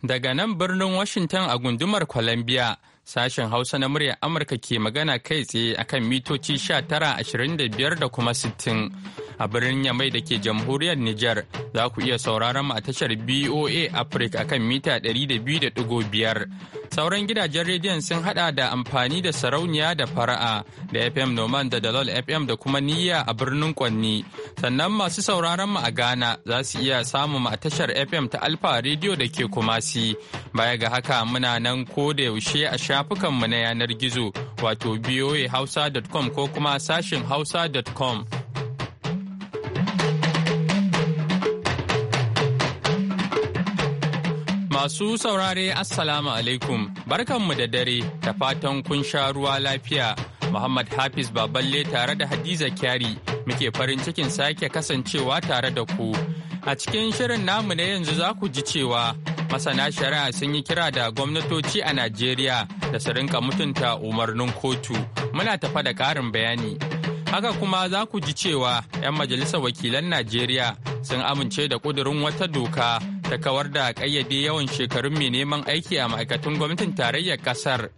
Daga nan birnin Washington a gundumar Columbia, sashen Hausa na muryar Amurka ke magana kai tsaye akan mitoci sha tara 1925 da biyar da kuma 60. A birnin Yamai da ke jamhuriyar Nijar, za ku iya sauraron mu a tashar BOA Africa akan mita 200.5. Sauran gidajen rediyon sun hada da amfani da sarauniya da fara'a da FM Noman da Dalol FM da kuma niyya a birnin Kwanni. Sannan masu sauraron mu a Ghana za su iya samun a tashar FM ta Alfa Radio da ke Kumasi. Baya ga haka muna nan ko da yaushe a shafukanmu na yanar gizo wato voahausa.com ko kuma sashin hausa.com. Masu saurare Assalamu alaikum, barkanmu da dare ta fatan kun sha ruwa lafiya. Muhammad Hafiz Baballe tare da Hadiza Kyari muke farin cikin sake kasancewa tare da ku. A cikin shirin namu na yanzu za ku ji cewa masana shari'a sun yi kira da gwamnatoci a Najeriya da su rinka mutunta umarnin kotu. Muna tafa da ƙarin bayani. Haka kuma za ku ji cewa 'yan majalisar wakilan Najeriya sun amince da ƙudurin wata doka ta kawar da kayyade yawan shekarun mai neman aiki a ma'aikatun gwamnatin tarayyar ƙasar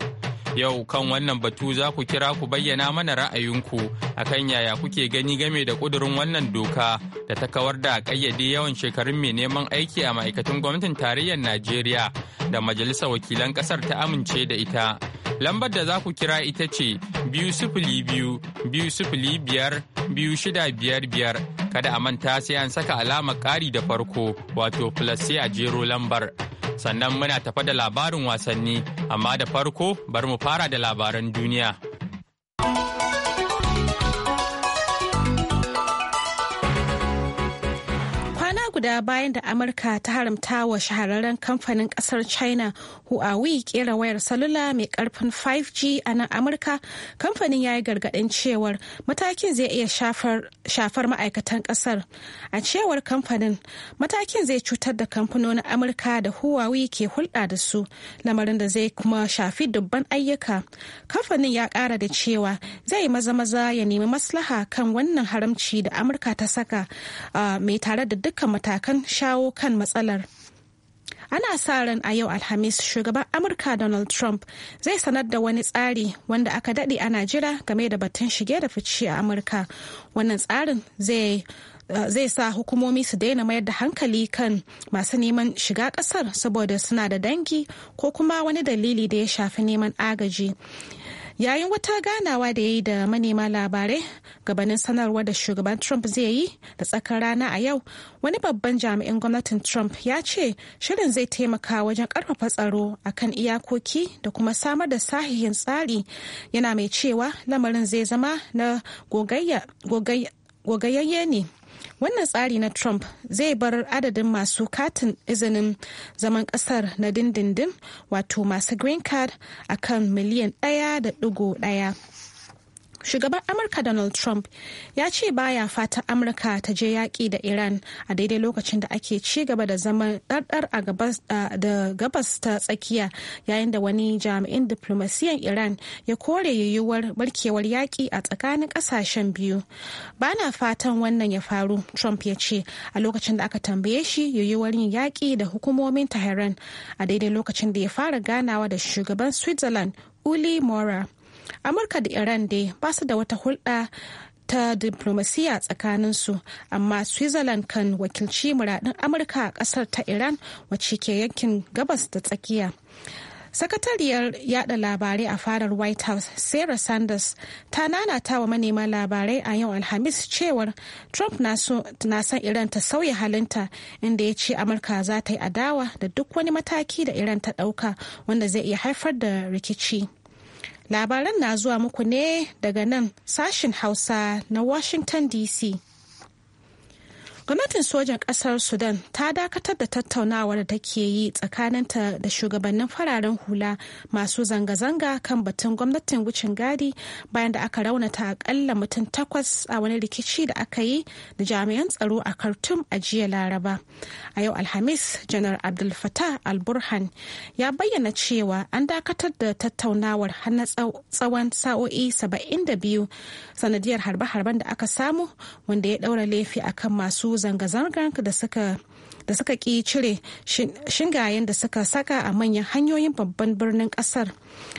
Yau kan wannan batu za ku kira ku bayyana mana ra'ayinku akan yaya kuke gani game da kudurin wannan doka da ta kawar da ƙayyade yawan shekarun mai neman aiki a ma'aikatan gwamnatin tarayyar Najeriya da Majalisar Wakilan ƙasar ta amince da ita. Lambar da za ku kira ita ce biyu sifili biyu biyu sifili biyar biyu shida biyar biyar kada a manta sai an saka alamar ƙari da farko wato plus sai a jero lambar. sannan muna tafa da labarin wasanni amma da farko bari mu fara da labaran duniya. guda bayan da Amurka ta haramta wa shahararren kamfanin kasar China Huawei kera wayar salula mai karfin 5G a nan Amurka, kamfanin ya yi gargadin cewar matakin zai iya shafar ma'aikatan kasar. A cewar kamfanin, matakin zai cutar da kamfanonin Amurka da Huawei ke hulɗa da su, lamarin da zai kuma shafi dubban ayyuka. Kamfanin ya ƙara da cewa zai maza-maza ya nemi maslaha kan wannan haramci da Amurka ta saka ah, mai tare da dukkan matakan shawo kan matsalar. ana sa ran a yau alhamis shugaban amurka donald trump zai sanar da wani tsari wanda aka daɗe ana jira game da batun shige da fice a amurka wannan tsarin zai eh, zai sa hukumomi su daina mayar da hankali kan masu neman shiga kasar saboda suna da dangi ko kuma wani dalili da ya shafi neman agaji yayin wata ganawa da ya yi da manema labarai gabanin sanarwa da shugaban trump zai yi da tsakar rana a yau wani babban jami'in gwamnatin trump ya ce shirin zai taimaka wajen karfafa tsaro a kan iyakoki da kuma samar da sahihin tsari yana mai cewa lamarin zai zama na gogayayye ne wannan tsari na trump zai bar adadin masu katin izinin zaman kasar na dindindin wato masu green card akan miliyan ɗaya da ɗigo ɗaya shugaban amurka donald trump ya ce baya fatan amurka ta je yaƙi da iran a daidai lokacin da ake ci gaba da zaman ɗarɗar a gabas ta tsakiya yayin da wani jami'in diplomasiyan iran ya kore yiwuwar barkewar yaƙi a tsakanin ƙasashen biyu ba na fatan wannan ya faru trump ya ce a lokacin da aka tambaye shi yiwuwar yin yaƙi da hukumomin tehran a daidai lokacin da ya fara ganawa da shugaban switzerland uli mora amurka da iran dai ba su da wata hulɗa ta diplomasiya su amma switzerland kan wakilci muradin amurka a ƙasar ta iran wacce ke yankin gabas da tsakiya sakatariyar yada labarai a farar white house sarah sanders ta nanata wa manema labarai a yau alhamis cewar trump na son iran ta sauya halinta inda ya ce amurka za ta yi adawa da duk wani mataki da iran ta dauka wanda zai iya haifar da rikici labaran na zuwa muku ne daga nan sashin hausa na washington dc gwamnatin sojan ƙasar sudan ta dakatar da tattaunawar da take yi tsakaninta da shugabannin fararen hula masu zanga-zanga kan batun gwamnatin wucin gadi bayan da aka raunata akalla mutum takwas a wani rikici da aka yi da jami'an tsaro a khartoum a jiya laraba a yau alhamis janar abdul fatah al ya bayyana cewa an dakatar da tattaunawar har na tsawon sa'o'i saba'in da biyu sanadiyar harbe-harben da aka samu wanda ya ɗaura laifi akan masu zanga-zanga da suka da suka ki cire shingayen da suka saka a manyan hanyoyin babban birnin ƙasar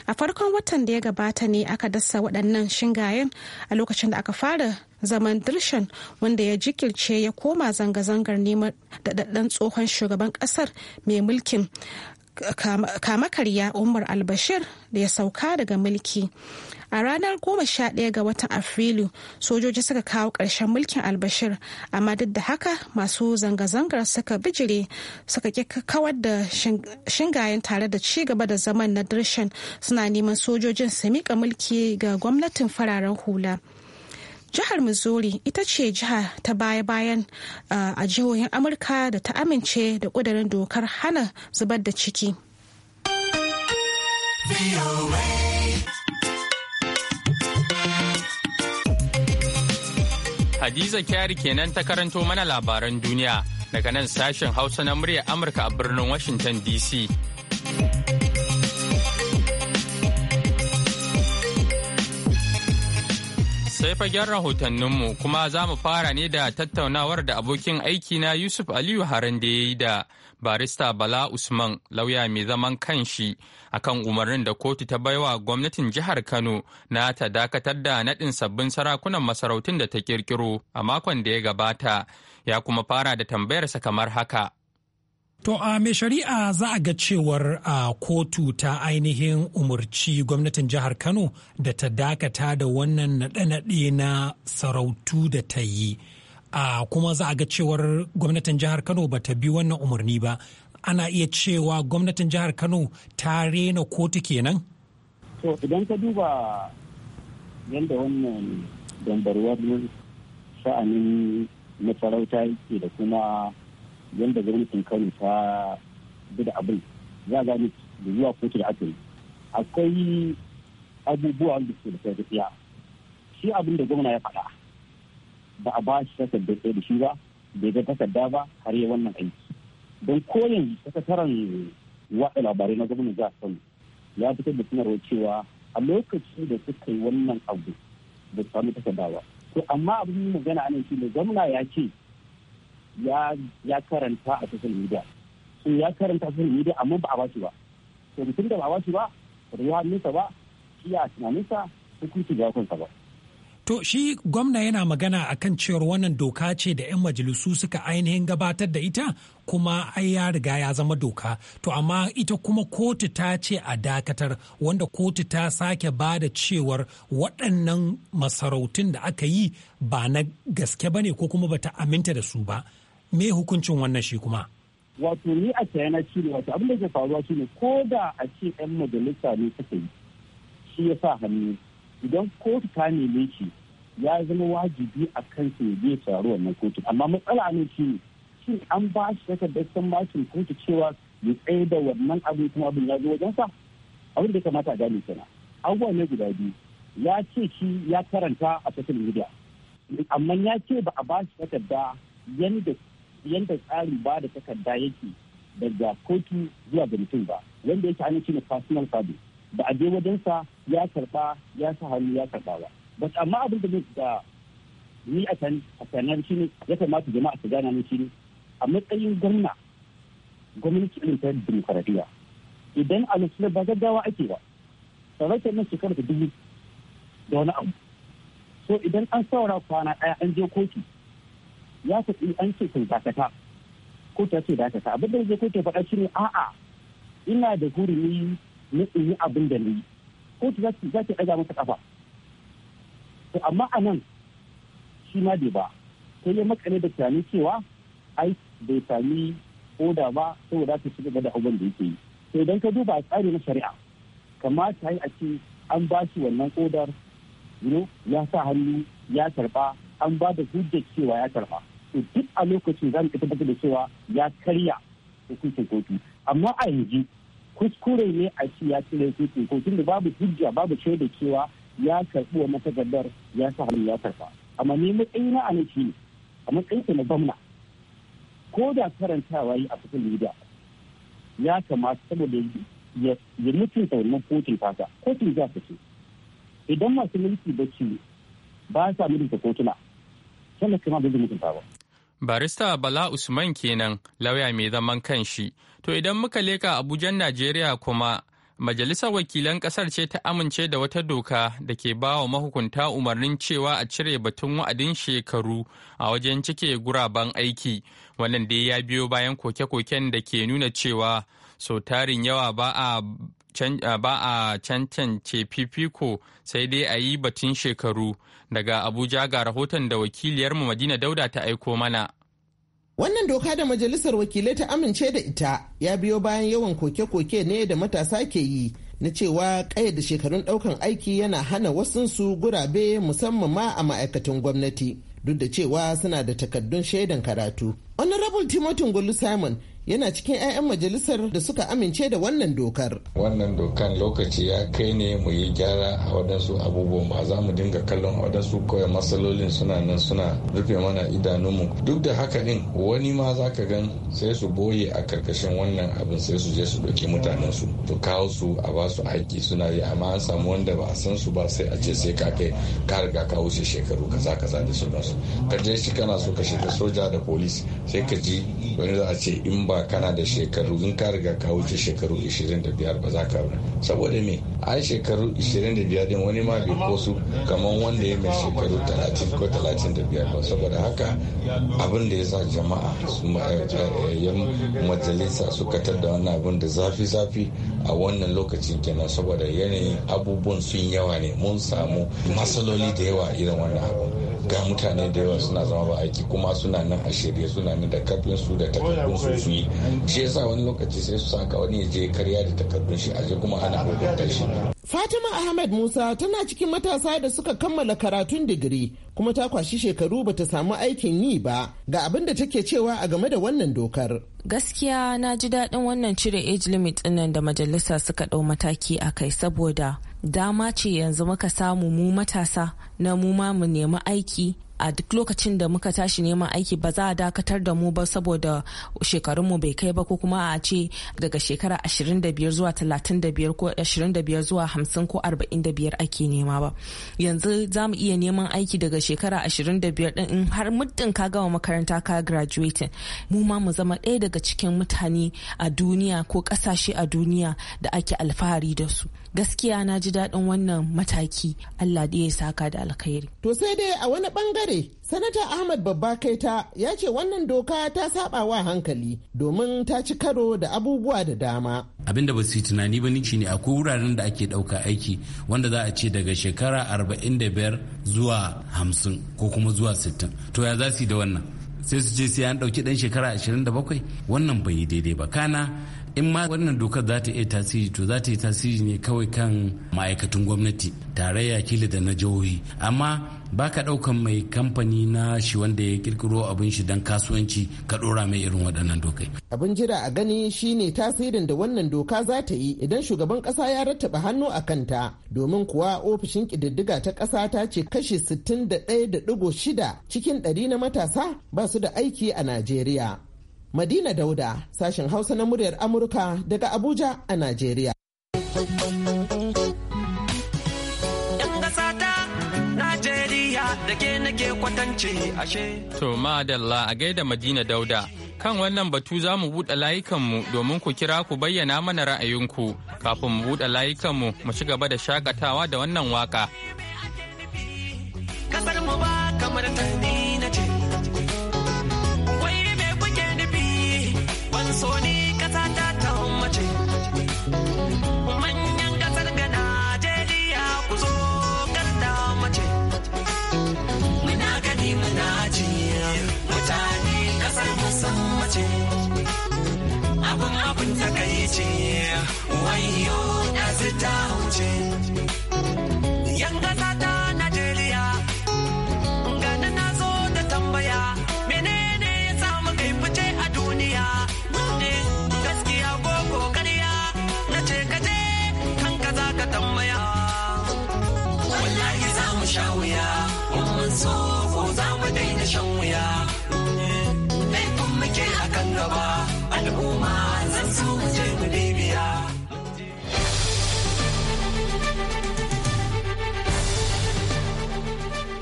a farkon watan da ya gabata ne aka dasa waɗannan shingayen a lokacin da aka fara zaman dirshan wanda ya jikirce ya koma zanga-zangar neman daɗaɗɗen tsohon shugaban ƙasar mai mulkin kama karya umar albashir da ya sauka daga mulki a ranar goma sha 11 ga watan afrilu sojoji suka kawo ƙarshen mulkin albashir amma duk da haka masu zanga-zangar suka bijire suka kawar da shingayen tare da ci gaba da zaman na dirshan suna neman sojojin su miƙa mulki ga gwamnatin fararen hula. jihar missouri ita ce jiha ta baya-bayan uh, a jihohin amurka da ta amince da ƙudurin dokar hana zubar da ciki Hadiza Kyari kenan ta karanto mana labaran duniya daga nan sashen Hausa na murya Amurka a birnin Washington DC. sai fagen rahotanninmu kuma za mu fara ne da tattaunawar da abokin aiki na Yusuf Aliyu Haran da ya yi da barista Bala Usman lauya mai zaman kanshi akan umarnin da kotu ta baiwa gwamnatin jihar Kano na ta dakatar da naɗin sabbin sarakunan masarautun da ta kirkiro a makon da ya gabata ya kuma fara da tambayarsa kamar haka. To a mai shari'a za a ga cewar a kotu ta ainihin umarci gwamnatin jihar Kano da ta dakata da wannan naɗe-naɗe na sarautu da ta yi. A kuma za a ga cewar gwamnatin jihar Kano ba ta bi wannan umarni ba. Ana iya cewa gwamnatin jihar Kano ta rena kotu kenan? To idan ka duba yadda wannan dambarwar sa'anin na sarauta yake da kuma yadda gwamnatin kano ta bi da abin za a gane da zuwa kotu da ake yi akwai abubuwa da suke da tafiya shi abin da gwamna ya faɗa ba a ba shi takardar ɗaya da shi ba bai ga takarda ba har yi wannan aiki don koyin sakataren watsa labarai na gwamnan a sanu. ya fitar da sanarwar cewa a lokaci da suka yi wannan abu da samu takarda ba to amma abin magana anan shi ne gwamna ya ce ya karanta a social media so ya karanta a social media amma ba a shi ba to mutum da ba a shi ba ba ya hannunsa ba shi a tunaninsa hukunci ga kansa ba To shi gwamna yana magana a kan cewar wannan doka ce da 'yan majalisu suka ainihin gabatar da ita kuma ai ya riga ya zama doka. To amma ita kuma kotu ta ce a dakatar wanda kotu ta sake ba da cewar waɗannan masarautun da aka yi ba na gaske ba ne ko kuma bata aminta da su ba. me hukuncin wannan shi kuma wato ni a tayana shi ne wato abin da ke faruwa shi ne ko da a ce yan majalisa ne suka yi shi ya sa hannu idan kotu ta neme shi ya zama wajibi a kan su ne tsaro wannan kotu amma matsala ne shi ne shin an ba shi takardar san bashin kotu cewa ya tsaye da wannan abin kuma abin ya zo wajen sa abin da ya kamata a gane kenan abubuwa ne guda biyu ya ce shi ya karanta a social media amma ya ce ba a ba shi takarda yadda yadda tsarin ba da takarda yake daga kotu zuwa ga mutum ba wanda yake ana cinye personal service ba a je wajensa ya karba ya sa hannu ya karba ba ba amma abin da da ni a can a sanar shi ne ya kamata jama'a su gana mun shi ne a matsayin gwamna gwamnati irin ta dimokuraɗiyya idan a nasu ba gaggawa ake ba sarautar nan shekarar da dubu da wani abu so idan an saura kwana ɗaya an je kotu ya tafi an ce kai dakata ko ta ce dakata abin da zai kuke faɗa shi ne a'a ina da hurumi na in yi abin da ni kotu za ta ɗaga masa ƙafa to amma a nan shi ma bai ba sai ya makale da tunani cewa ai bai sami oda ba saboda ta shiga da abin da yake yi to idan ka duba tsari na shari'a kamata yi a ce an ba shi wannan odar ya sa hannu ya karba an ba da hujjar cewa ya karba to duk a lokacin zan mu tabbatar da cewa ya karya hukuncin kotu amma a yanzu kuskure ne a ce ya karya hukuncin kotu da babu hujja babu shaida cewa ya karbi wa matakaddar ya sa hannu ya karba. amma ni matsayi na anaki a matsayin na gwamna ko da karantawa yi a cikin media ya kamata saboda ya mutunta wannan kotun fata kotun za ta ce idan masu mulki ba ba sa mulki kotuna sannan kuma bai mutunta ba Barista Bala Usman kenan lauya mai zaman kanshi. To idan muka leka Abujan Najeriya kuma Majalisar Wakilan kasar ce ta amince da wata doka da ke ba wa mahukunta umarnin cewa a cire batun wa'adin shekaru a wajen cike guraben aiki. Wannan dai ya biyo bayan koke-koken da ke nuna cewa sautarin yawa ba a Ah, ba a cancance fifiko sai dai a yi batun shekaru daga abuja ga rahoton da wakiliyarmu madina dauda ta aiko mana Wannan doka da majalisar wakilai ta amince da ita ya biyo bayan yawan koke-koke ne da matasa ke yi na cewa da shekarun ɗaukan aiki yana hana wasunsu gurabe musamman ma a ma'aikatan gwamnati duk da cewa suna da takaddun shaidan karatu. Honorable Timothy Ngolu Simon yana cikin 'ya'yan majalisar da suka amince da wannan dokar. Wannan dokar lokaci ya kai ne mu yi gyara a waɗansu abubuwan ba za mu dinga kallon a waɗansu kawai matsalolin suna nan suna rufe mana idanunmu. Duk da haka din wani ma za ka gan sai su boye a karkashin wannan abin sai su je su ɗauki mutanen su To kawo su a ba su aiki suna yi amma an samu wanda ba a san su ba sai a ce sai ka kai ka riga ka wuce shekaru kaza kaza da sauransu. Ka je shi kana so ka shiga soja da polis sai ka ji wani za a ce in ba. ba kana da shekaru in ka riga ka wuce shekaru 25 ba za ka saboda me ai shekaru 25 din wani ma bai su kamar wanda ya mai shekaru 30 ko 35 ba saboda haka abin da ya sa jama'a su eh, eh, yan majalisa suka da wannan abin da zafi-zafi a wannan lokacin kenan saboda yanayin abubuwan sun yawa ne mun samu matsaloli da yawa irin wannan abu ga mutane da yawa suna zama ba aiki kuma suna nan a shirye suna nan da karfin su da takardun su su yi shi yasa wani lokaci sai su saka wani ya je karya da takardun shi aje kuma ana hukunta shi Fatima Ahmed Musa tana cikin matasa da suka kammala karatun digiri kuma ta kwashi shekaru ta samu aikin yi ba ga abin da take cewa a game da wannan dokar. Gaskiya na ji daɗin wannan cire age limit nan da majalisa suka ɗau mataki a kai saboda dama ce yanzu muka samu mu matasa na mu ma mu nemi aiki a duk lokacin da muka tashi neman aiki ba za a dakatar da mu ba saboda shekarunmu bai kai ba ko kuma a ce daga shekara 25 zuwa 35 ko 25 zuwa 50 ko 45 ake nema ba yanzu za mu iya neman aiki daga shekara 25 din har muddin ka gama makaranta ka graduating mu ma mu zama ɗaya daga cikin mutane a duniya ko ƙasashe a duniya da ake alfahari da su gaskiya na ji daɗin wannan mataki allah da ya saka da alkhairi to sai dai a wani bangare sanata ahmad babba kaita ya ce wannan doka ta saba wa hankali domin ta ci karo da abubuwa da dama abin da ba su yi tunani ba nici ne akwai wuraren da ake ɗauka aiki wanda za a ce daga shekara 45 zuwa 50 ko kuma zuwa 60 to ya za su yi da wannan sai su je sai an ɗauki ɗan shekara 27 wannan bai yi daidai ba kana in ma wannan dokar za ta iya tasiri to za ta yi tasiri ne kawai kan ma'aikatan gwamnati tarayya kila da na jihohi amma ba ka ɗaukan mai kamfani na shi wanda ya kirkiro abin shi don kasuwanci ka ɗora mai irin waɗannan dokai. abin jira a gani shine tasirin da wannan doka za ta yi idan shugaban ƙasa ya rattaba hannu a kanta domin kuwa ofishin ƙididdiga ta ƙasa ta ce kashi 61.6 cikin ɗari na matasa ba su da aiki a najeriya Madina Dauda, sashen Hausa na muryar Amurka daga Abuja a Najeriya. To madalla a gaida Madina Dauda. Kan wannan batu za mu buɗe layukanmu domin ku kira ku bayyana mana ra'ayinku kafin mu buɗe layukanmu mu ci gaba da shakatawa da wannan waka. Kasar mu ba kamar so ni kasa ta ta mace manyan kasar ga Najeriya ku zo mace muna gani muna ji mutane kasar musan mace abun abun takaici wayo ɗazu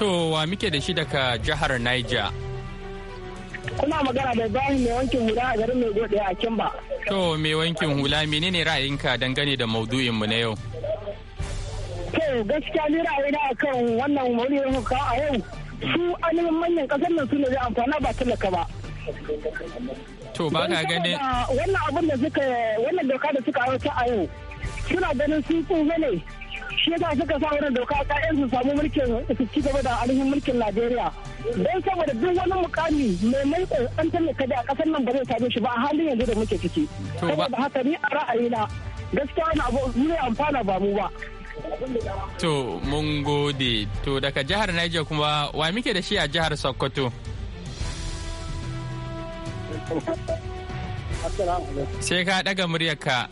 To wa muke da shi daga jihar Niger? Kuna magana da Ibrahim mai wankin hula a garin mai gode a Kimba. To mai wankin hula menene ra'ayinka dangane da maudu'in mu na yau? To gaskiya ni ra'ayina akan wannan maudu'in ka a yau su alimin manyan kasar nan su ne zai amfana ba talaka ba. To ba ka gani Wannan abin da suka wannan doka da suka aiwatar a yau suna ganin sun tsuzo ne shi yasa suka sa da doka ta yan su samu mulkin su ci gaba da ainihin mulkin Najeriya don saboda duk wani mukami mai mai an tallaka da a kasar nan ba zai same shi ba a halin yanzu da muke ciki saboda haka ni a ra'ayina gaskiya wani abu ne amfana ba mu ba To mun gode. To daga jihar Niger kuma wa muke da shi a jihar Sokoto? Sai ka ɗaga muryarka.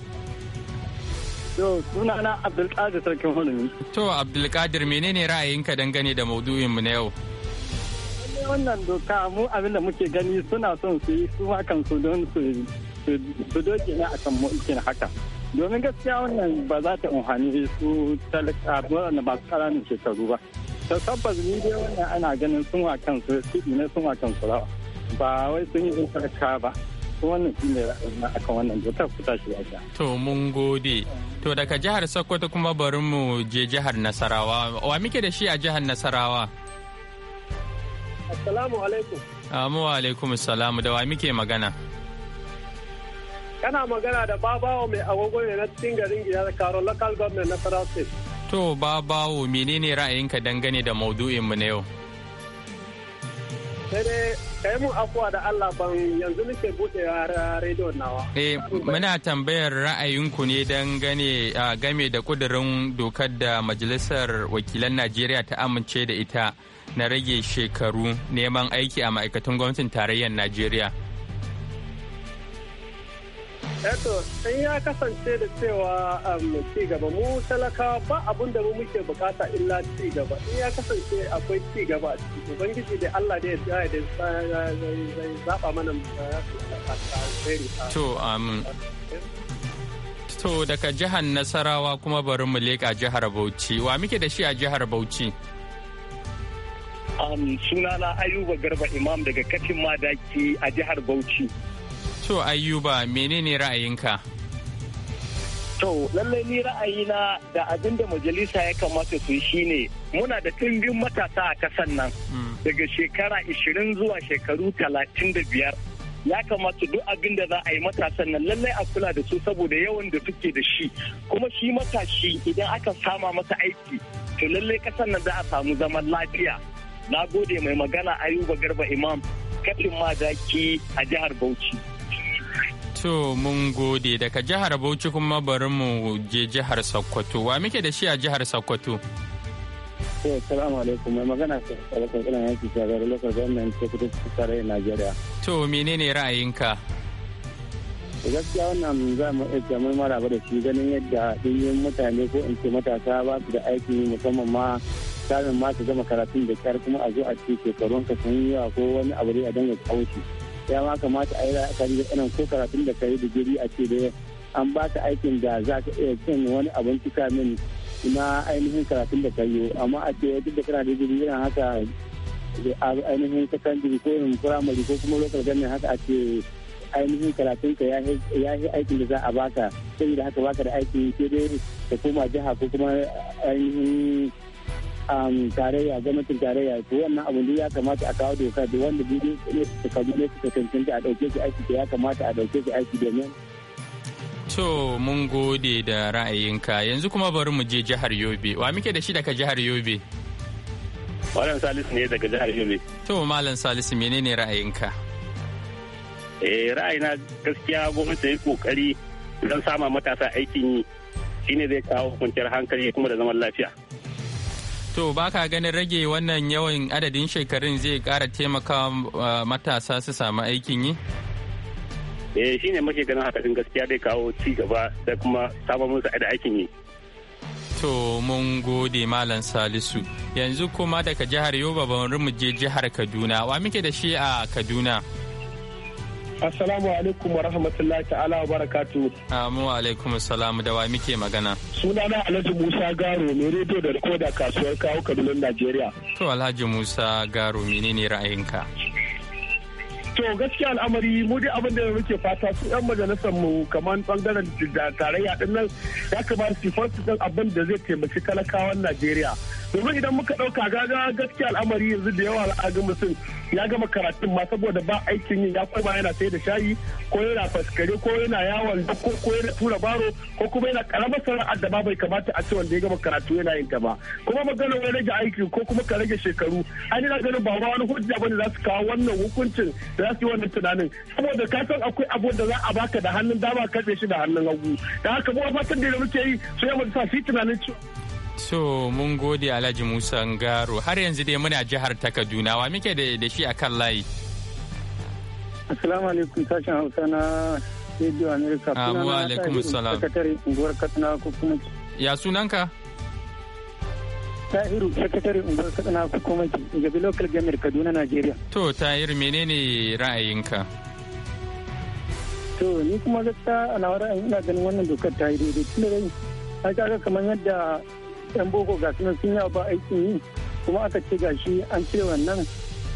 To sunana Abdulkadir Sarkin Hulumi. To Abdulkadir menene ra'ayinka dangane da maudu'in mu na yau? wannan doka mu abin da muke gani suna son su yi su hakan su don su doke ne akan mulkin haka domin gaskiya wannan ba za ta umhani su talakawa na masu ƙananan shekaru ba ta tabbas ni dai wannan ana ganin sun kansu su ne sun hakan su rawa ba wai sun yi talakawa ba wannan shi ne akan wannan dokar ku tashi lafiya. To mun gode. To daga jihar Sokoto kuma bari mu je jihar Nasarawa. Wa muke da shi a jihar Nasarawa? Assalamu alaikum. Amu ah, alaikum salamu da wa muke magana? Kana magana da babawo mai agogo ne na cikin garin gida da karo local government na Sarawa To babawo menene ra'ayinka dangane da maudu'in mu na yau? Sai dai. kai mun afuwa da Allah ban yanzu nake rediyon nawa. Eh muna tambayar ra'ayinku ne dan gane game da kudirin dokar da Majalisar Wakilan Najeriya ta amince da ita na rage shekaru neman aiki a ma'aikatan gwamnatin tarayyar Najeriya. Eto, in ya kasance da cewa um, ci gaba mu talaka ba abun da mu muke bukata illa ci gaba. In ya kasance akwai ci gaba a ciki, Ubangiji da Allah da ya tsaya da zaɓa mana To, um, To daga jihar Nasarawa kuma bari mu leƙa jihar Bauchi. Wa muke da shi a jihar Bauchi? Um, sunana Ayuba Garba Imam daga Katin Madaki a jihar Bauchi. To Ayuba menene ra'ayinka? To lallai ni ra'ayi na da abin da majalisa ya kamata su yi shine muna da tumbin matasa a kasan nan hmm. daga shekara 20 zuwa shekaru 35 ya kamata duk abin da za a yi matasan nan lallai a kula da su saboda yawan da suke da shi kuma shi matashi idan aka sama masa aiki to lallai kasan nan za a samu zaman lafiya na gode mai magana ayuba garba imam kafin ma zaki a jihar bauchi To mun gode daga jihar Bauchi kuma bari mu je jihar Sokoto. Wa muke da shi a jihar Sokoto? salamu alaikum mai magana alaƙar ina yanki zara lokacin gwamnan ce kudu tarayyar Najeriya. To menene ra'ayinka? gaskiya wannan za mu iya mai ba da shi ganin yadda ɗinyin mutane ko in ce matasa ba su da aiki musamman ma samun ma su gama karatun da kyar kuma a zo a ce shekarun ka sun yi ko wani abu dai a danganta kauci. ya ma kamata a yi la'akari da irin ko karatun da kayi digiri a ce da an ba ka aikin da za ka iya cin wani abinci min na ainihin karatun da kayo amma a ce duk da kana digiri yana haka ainihin sakandiri ko yin firamare ko kuma lokacin ganin haka a ce ainihin karatun ka ya yi aikin da za a baka da haka baka da aikin sai dai ka koma jiha ko kuma ainihin Um, tarayya gwamnatin tarayya to wannan abu ne ya kamata a kawo doka da wanda bidiyo ne suka ne suka cancanta a dauke su aiki ya kamata a dauke su aiki domin to mun gode da ra'ayinka yanzu kuma bari mu je jihar yobe wa muke da shi daga jihar yobe malam salisu ne daga jihar yobe to malam salisu menene ra'ayinka eh ra'ayina gaskiya gwamnati ya kokari don sama matasa aikin yi shine zai kawo kwanciyar hankali kuma da zaman lafiya To ba ka ganin rage wannan yawan adadin shekarun zai kara taimaka uh, matasa su samu aikin yi? Eh shi ne ganin hakarin gaskiya dai kawo ci gaba da kuma sabon musu da aikin yi. To mun gode Malam Salisu. Yanzu kuma daga jihar Yoba bari mu je jihar Kaduna. Wa muke da shi a Kaduna? Assalamu alaikum wa rahmatullahi ta'ala wa barakatu. Amu wa alaikum assalamu da wa muke magana. Suna na Alhaji Musa Garo mai rediyo da rikoda kasuwar kawo kadunan Najeriya. To Alhaji Musa Garo ne ra'ayinka? To gaskiya al'amari mu dai abin da muke fata su yan majalisar mu kamar bangaren da tarayya din nan ya kamata su farsu abin da zai taimaki talakawan Najeriya. domin idan muka ɗauka ga gaskiya al'amari yanzu da yawa a al'adun mutum ya gama karatun ma saboda ba aikin yi ya koma yana sai da shayi ko yana faskare ko yana yawon ko ko yana tura baro ko kuma yana karamar sana'ar da bai kamata a ce wanda ya gama karatu yana yin ta ba kuma magana wani rage aiki ko kuma ka rage shekaru an yi ganin ba wani hujja bane za su kawo wannan hukuncin da za su yi wannan tunanin saboda ka san akwai abu da za a baka da hannun dama karbe shi da hannun hagu da haka mu fatan da ya muke yi sai mutu sa shi tunanin So mun gode Alhaji Musa Ngaro har yanzu dai muna jihar Takaduna wa muke da shi a kan layi. Assalamu alaikum sashen Hausa na Radio America. Ah, wa alaikum salam. Sakatare unguwar Katsina ko kuma. Ya sunanka? Tahiru sakatare unguwar Katsina ko kuma bi Local Gamer Kaduna Najeriya. To Tahiru menene ra'ayinka? To ni kuma gaskiya a na ra'ayin ina ganin wannan dokar ta yi daidai tun da dai. Ai ga kamar yadda yan boko ga sunan sun yi ba aikin yi kuma aka ce ga shi an ce wannan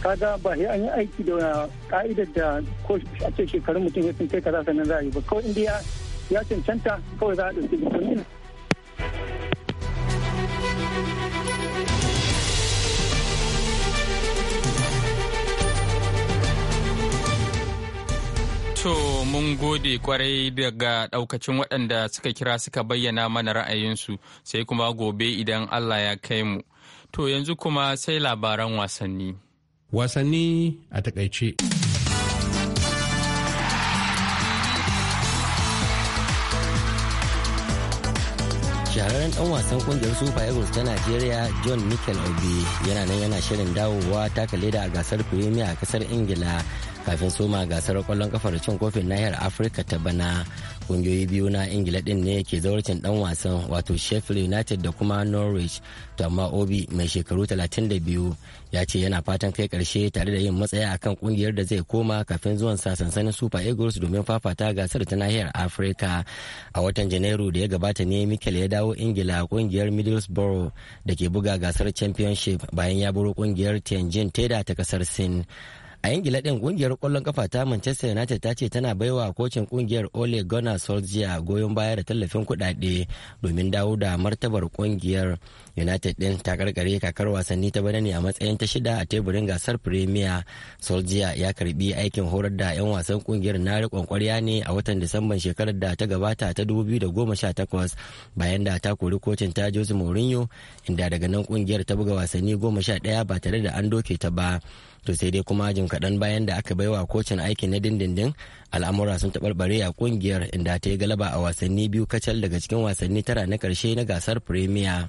kaga ba sai an yi aiki da ka'idar da ko a ce shekarun mutum ya sun kai kaza sannan za a yi ba kawai inda ya cancanta kawai za a ɗauki mun gode kwarai daga daukacin waɗanda suka kira suka bayyana mana ra'ayinsu sai kuma gobe idan Allah ya kai mu. To yanzu kuma sai labaran wasanni. Wasanni a takaice. shahararren dan wasan kungiyar super eagles ta nigeria john michael obi yana nan yana shirin dawowa taka leda a gasar premier a kasar ingila kafin soma gasar kwallon kafar cin kofin nahiyar afirka ta bana kungiyoyi biyu na ingila din ne ke zaurcin dan wasan wato sheffield united da kuma norwich to amma obi mai shekaru 32 ya ce yana fatan kai karshe tare da yin matsaya akan kungiyar da zai koma kafin zuwan sa sansanin super eagles domin fafata gasar ta nahiyar afirka a watan janairu da ya gabata ne mikel ya dawo ingila kungiyar middlesbrough da ke buga gasar championship bayan ya buro kungiyar tianjin teda ta kasar sin a ingila din kungiyar kwallon kafa ta manchester united ta ce tana baiwa kocin kungiyar ole gunnar solskjaer goyon baya da tallafin kudade domin dawo da martabar kungiyar united din ta karkare kakar wasanni ta bane ne a matsayin ta shida a teburin gasar premier solskjaer ya karbi aikin horar da 'yan wasan kungiyar na rikon kwarya ne a watan disamban shekarar da ta gabata ta 2018 bayan da ta kori kocin ta jose mourinho inda daga nan kungiyar ta buga wasanni sha 11 ba tare da an doke ta ba to sai dai kuma jin kaɗan bayan da aka baiwa kocin aikin na dindindin al'amura sun taɓarɓare a ƙungiyar inda ta yi galaba a wasanni biyu kacal daga cikin wasanni tara na ƙarshe na gasar premier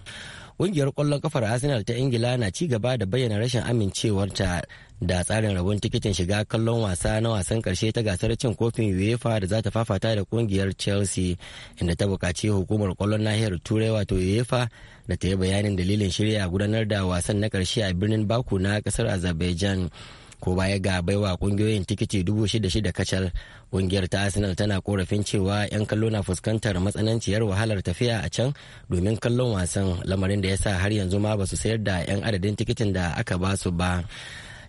ƙungiyar ƙwallon kafar arsenal ta ingila na ci gaba da bayyana rashin amincewarta da tsarin rabon tikitin shiga kallon wasa na wasan karshe ta gasar cin kofin uefa da za ta fafata da ƙungiyar chelsea inda ta buƙaci hukumar kwallon nahiyar turai wato uefa da ta yi bayanin dalilin shirya gudanar da wasan na karshe a birnin baku na ƙasar azerbaijan ko baya ga baiwa kungiyoyin tikiti dubu shida shida kacal kungiyar ta arsenal tana korafin cewa 'yan kallo na fuskantar matsananciyar wahalar tafiya a can domin kallon wasan lamarin da ya sa har yanzu ma ba su sayar da 'yan adadin tikitin da aka ba su ba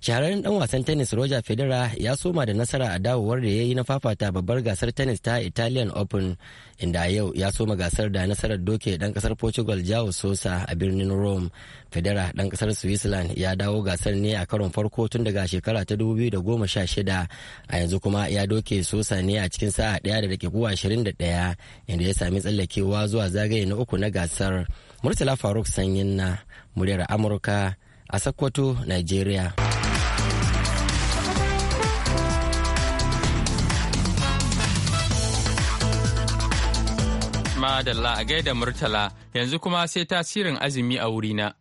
shahararren dan wasan tennis roger federer ya soma da nasara a dawowar da ya yi na fafata babbar gasar tennis ta italian open inda yau ya soma gasar da nasarar doke dan kasar portugal jao sosa a birnin rome federer dan kasar switzerland ya dawo gasar ne a karon farko tun daga shekara ta 2016 a yanzu kuma ya doke sosa ne a cikin sa'a daya da da 21 inda ya sami tsallakewa zuwa zagaye na uku na gasar murtala faruk sanyin na muryar amurka a sokoto nigeria Adalla a gaida murtala yanzu kuma sai tasirin azumi a wurina.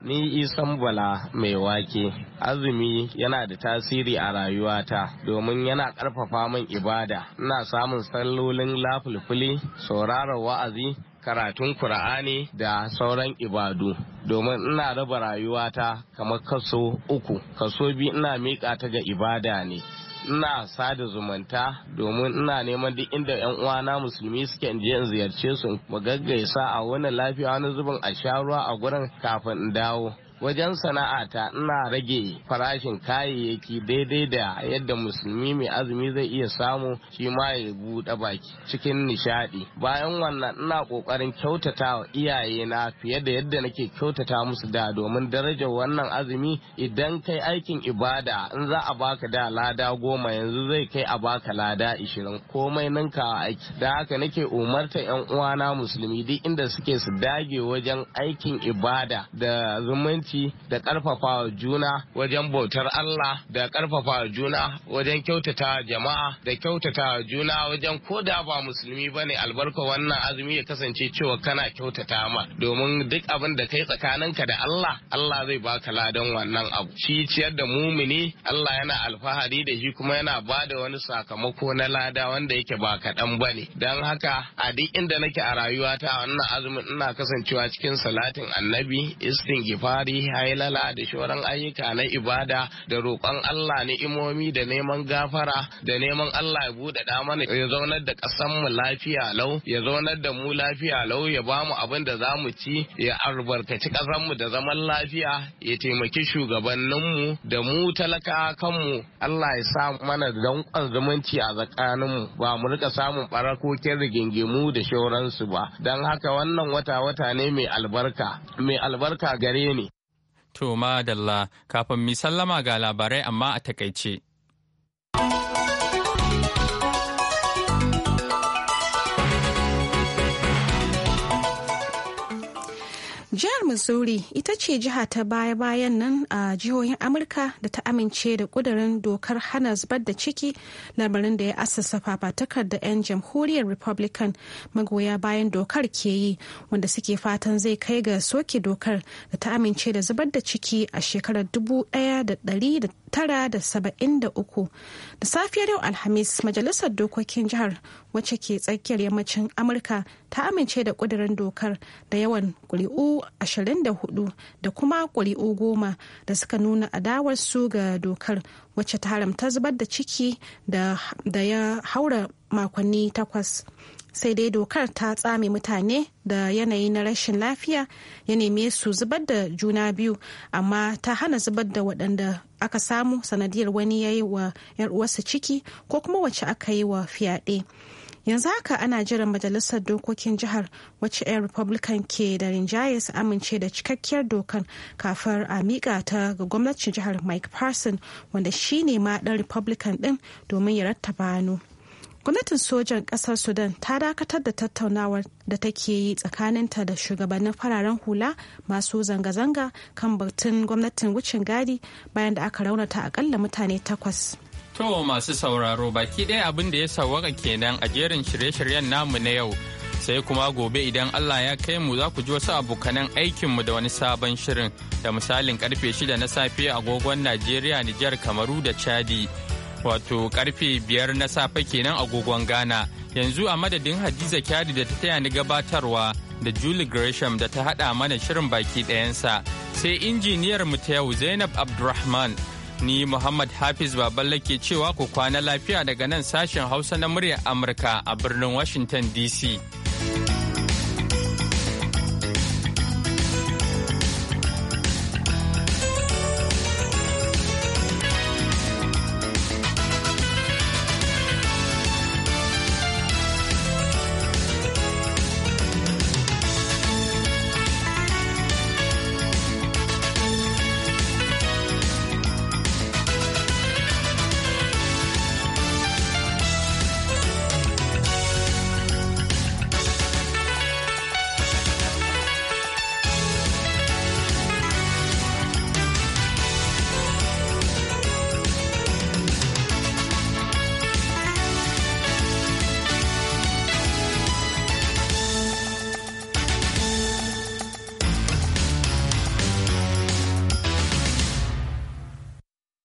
Ni isan bala mai wake, azumi yana da tasiri a rayuwata domin yana ƙarfafa min ibada, ina samun sallolin lafulfuli, sauraron wa'azi, karatun Kur'ani da sauran ibadu domin ina raba rayuwata kamar kaso uku, kaso biyu ina miƙa ta ga ibada ne. ina sada zumunta domin ina neman duk inda yan uwana musulmi suke in je in ziyarce su mu gaggaisa a wani lafiya wani zubin a sha ruwa a gurin kafin in dawo wajen sana'a ta ina rage farashin kayayyaki daidai da yadda musulmi mai azumi zai iya samu shi ma ya buɗe baki cikin nishaɗi bayan wannan ina ƙoƙarin kyautata wa iyaye na fiye da yadda nake kyautata musu da domin darajar wannan azumi idan kai aikin ibada in za a baka da lada goma yanzu zai kai a baka lada ishirin komai ninka aiki da haka nake umarta yan uwana musulmi duk inda suke su dage wajen aikin ibada da zumunci zumunci da karfafawa juna wajen bautar Allah da karfafawa juna wajen kyautata jama'a da kyautata juna wajen da ba musulmi bane albarka wannan azumi ya kasance cewa kana kyautata ma domin duk abin da kai tsakaninka da Allah Allah zai baka ladan wannan abu shi ciyar da mumini Allah yana alfahari da shi kuma yana ba da wani sakamako na lada wanda yake ba kaɗan bane don haka a duk inda nake a rayuwata wannan azumin ina kasancewa cikin salatin annabi gifari tasbihi hailala da shoran ayyuka na ibada da roƙon Allah ni'imomi da neman gafara da neman Allah ya buɗaɗa mana ya zaunar da ƙasar mu lafiya lau ya zaunar da mu lafiya lau ya ba mu abin da za mu ci ya albarkaci ƙasar mu da zaman lafiya ya taimaki shugabanninmu da mu talaka kanmu Allah ya sa mana danƙon zumunci a tsakaninmu ba mu rika samun barakokin rigingimu da su ba don haka wannan wata wata ne mai albarka mai albarka gare ni To madalla kafin mi sallama ga labarai amma a takaice. Jiya missouri ita ce jiha ta baya-bayan nan a jihohin amurka da ta amince da kudurin dokar hana zubar da ciki lamarin da ya assasa fafatakar da 'yan jamhuriyar republican magoya bayan dokar ke yi wanda suke fatan zai kai ga soke dokar da ta amince da zubar da ciki a shekarar uku da safiyar yau alhamis majalisar dokokin jihar wacce ke tsakiyar yammacin amurka ta amince da kudurin dokar da yawan kuri'u 24 da kuma ƙuri'u goma da suka nuna adawar su ga dokar wacce ta haramta zubar da ciki da ya haura makonni takwas. sai dai dokar ta tsame mutane da yanayi na rashin lafiya ya neme su zubar da juna biyu amma ta hana zubar da waɗanda aka samu sanadiyar wani ya yi wa uwarsa ciki ko kuma wacce aka yi wa fyaɗe yanzu haka ana jiran majalisar dokokin jihar wacce 'yan republican ke da rinjaye su amince da cikakkiyar dokan kafar a miƙa ta ga gwamnatin jihar mike parson wanda shi ne ma dan republican ɗin domin ya rattaba hannu gwamnatin sojan ƙasar sudan ta dakatar da tattaunawar da take yi tsakaninta da shugabannin fararen hula masu zanga-zanga kan batun gwamnatin wucin gadi bayan da aka raunata akalla mutane takwas To masu sauraro baki ɗaya abin da ya sawaka kenan a jerin shirye-shiryen namu na yau. Sai kuma gobe idan Allah ya kai mu za ku ji wasu abokanan aikinmu da wani sabon shirin da misalin karfe shida na safe agogon Najeriya, Nijar, Kamaru da Chadi. Wato karfe biyar na safe kenan agogon Ghana. Yanzu a madadin Hadiza kyadi da ta taya ni gabatarwa da Julie Gresham da ta haɗa mana shirin baki ɗayansa. Sai injiniyar mu ta yau Zainab Abdulrahman. Ni Muhammad Hafiz Baballe ke cewa ku kwana lafiya daga nan sashen Hausa na muryar Amurka a birnin Washington DC.